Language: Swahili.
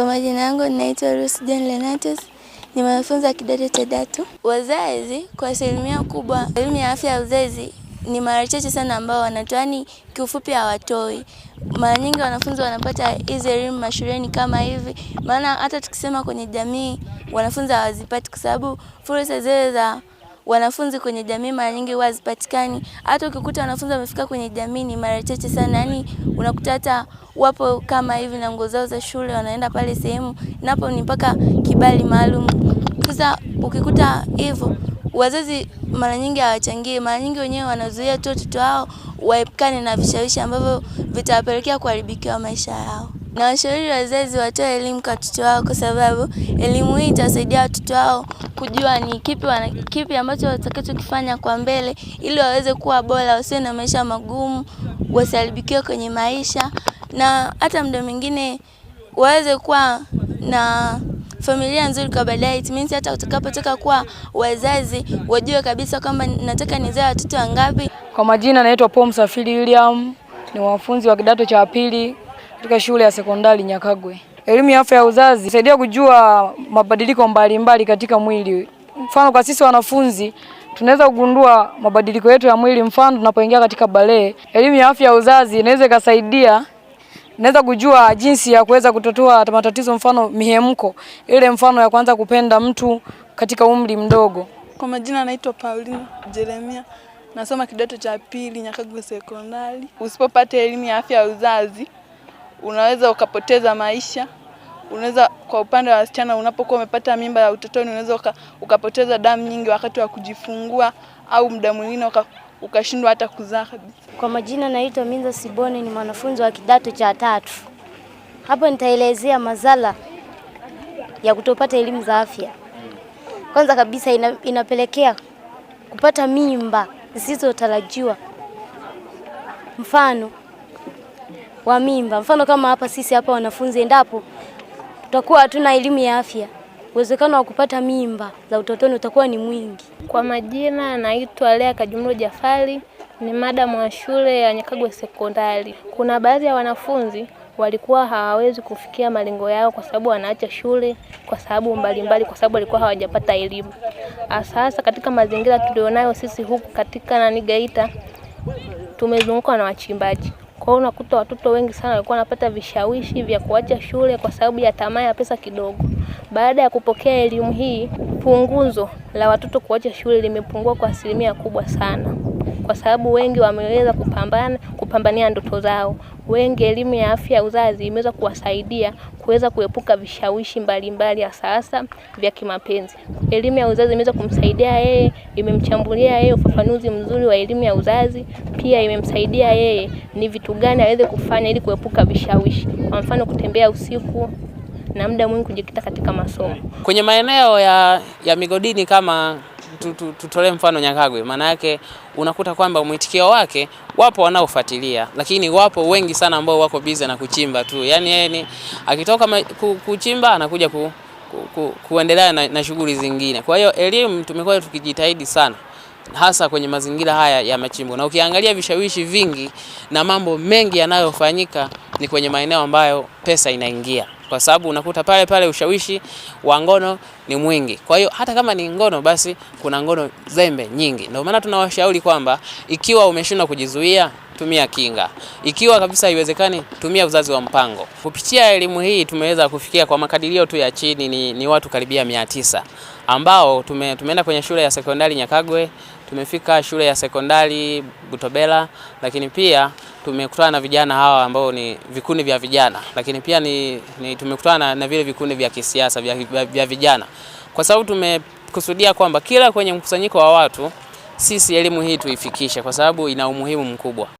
Kwa majina yangu naitwa Ruth John Lenatus, ni mwanafunzi wa kidato cha tatu. Wazazi kwa asilimia kubwa, elimu ya afya ya uzazi ni mara chache sana ambao wanatoani, kiufupi hawatoi. Mara nyingi wanafunzi wanapata hizi elimu mashuleni kama hivi, maana hata tukisema kwenye jamii wanafunzi hawazipati, kwa sababu fursa zile za wanafunzi kwenye jamii mara nyingi huwa hazipatikani. Hata ukikuta wanafunzi wamefika kwenye jamii ni mara chache sana, yaani unakuta hata wapo kama hivi na nguo zao za shule wanaenda pale sehemu, napo ni mpaka kibali maalum. Sasa ukikuta hivyo wazazi mara nyingi hawachangii, mara nyingi wenyewe wanazuia tu watoto wao waepukane na vishawishi ambavyo vitawapelekea kuharibikiwa maisha yao na washauri wazazi watoe elimu kwa watoto wao, kwa sababu elimu hii itasaidia watoto wao kujua ni kipi wana, kipi ambacho watakachokifanya kwa mbele, ili waweze kuwa bora, wasiwe na maisha magumu, wasiharibikiwe kwenye maisha, na hata muda mwingine waweze kuwa na familia nzuri kwa baadaye. It means hata utakapotaka kuwa wazazi wajue kabisa kwamba nataka nizae watoto wangapi. Kwa majina, naitwa Paul Msafiri William, ni mwanafunzi wa kidato cha pili katika shule ya sekondari Nyakagwe. Elimu ya afya ya uzazi husaidia kujua mabadiliko mbalimbali mbali katika mwili. Mfano, kwa sisi wanafunzi tunaweza kugundua mabadiliko yetu ya mwili, mfano tunapoingia katika balee. Elimu ya afya ya uzazi inaweza ikasaidia naweza kujua jinsi ya kuweza kutatua matatizo, mfano mihemko ile, mfano ya kwanza kupenda mtu katika umri mdogo. Kwa majina anaitwa Pauline Jeremia, nasoma kidato cha pili Nyakagwe Sekondari. Usipopata elimu ya afya ya uzazi unaweza ukapoteza maisha. Unaweza kwa upande wa wasichana, unapokuwa umepata mimba ya utotoni, unaweza uka, ukapoteza damu nyingi wakati wa kujifungua, au muda mwingine uka, ukashindwa hata kuzaa kabisa. Kwa majina naitwa Minza Siboni, ni mwanafunzi wa kidato cha tatu. Hapo nitaelezea madhara ya kutopata elimu za afya. Kwanza kabisa ina, inapelekea kupata mimba zisizotarajiwa mfano wa mimba. Mfano kama hapa sisi hapa wanafunzi, endapo tutakuwa hatuna elimu ya afya, uwezekano wa kupata mimba za utotoni utakuwa ni mwingi. Kwa majina naitwa Lea Kajumlo Jafari, ni madamu wa shule ya Nyakagwe Sekondari. Kuna baadhi ya wanafunzi walikuwa hawawezi kufikia malengo yao kwa sababu wanaacha shule kwa sababu mbalimbali, kwa sababu walikuwa hawajapata elimu. Sasa katika mazingira tulionayo sisi huku katika nani Geita, tumezungukwa na wachimbaji. Kwa hiyo unakuta watoto wengi sana walikuwa wanapata vishawishi vya kuacha shule kwa sababu ya tamaa ya pesa kidogo. Baada ya kupokea elimu hii, punguzo la watoto kuacha shule limepungua kwa asilimia kubwa sana kwa sababu wengi wameweza kupambana kupambania ndoto zao. Wengi elimu ya afya ya uzazi imeweza kuwasaidia kuweza kuepuka vishawishi mbalimbali hasa hasa vya kimapenzi. Elimu ya uzazi imeweza kumsaidia yeye, imemchambulia yeye ufafanuzi mzuri wa elimu ya uzazi, pia imemsaidia yeye ni vitu gani aweze kufanya ili kuepuka vishawishi, kwa mfano kutembea usiku na muda mwingi kujikita katika masomo kwenye maeneo ya, ya migodini kama tutolee mfano Nyakagwe, maana yake unakuta kwamba mwitikio wake, wapo wanaofuatilia, lakini wapo wengi sana ambao wako bize na kuchimba tu. Yani yeye ni akitoka kuchimba anakuja ku, ku, ku, kuendelea na, na shughuli zingine. Kwa hiyo elimu tumekuwa tukijitahidi sana hasa kwenye mazingira haya ya machimbo, na ukiangalia vishawishi vingi na mambo mengi yanayofanyika ni kwenye maeneo ambayo pesa inaingia, kwa sababu unakuta pale pale ushawishi wa ngono ni mwingi. Kwa hiyo hata kama ni ngono, basi kuna ngono zembe nyingi. Ndio maana tunawashauri kwamba ikiwa umeshindwa kujizuia, tumia kinga. Ikiwa kabisa haiwezekani, tumia uzazi wa mpango. Kupitia elimu hii tumeweza kufikia kwa makadirio tu ya chini ni, ni watu karibia mia tisa ambao tume, tumeenda kwenye shule ya sekondari Nyakagwe Tumefika shule ya sekondari Butobela, lakini pia tumekutana na vijana hawa ambao ni vikundi vya vijana, lakini pia ni, ni tumekutana na vile vikundi vya kisiasa vya, vya, vya vijana, kwa sababu tumekusudia kwamba kila kwenye mkusanyiko wa watu sisi elimu hii tuifikishe, kwa sababu ina umuhimu mkubwa.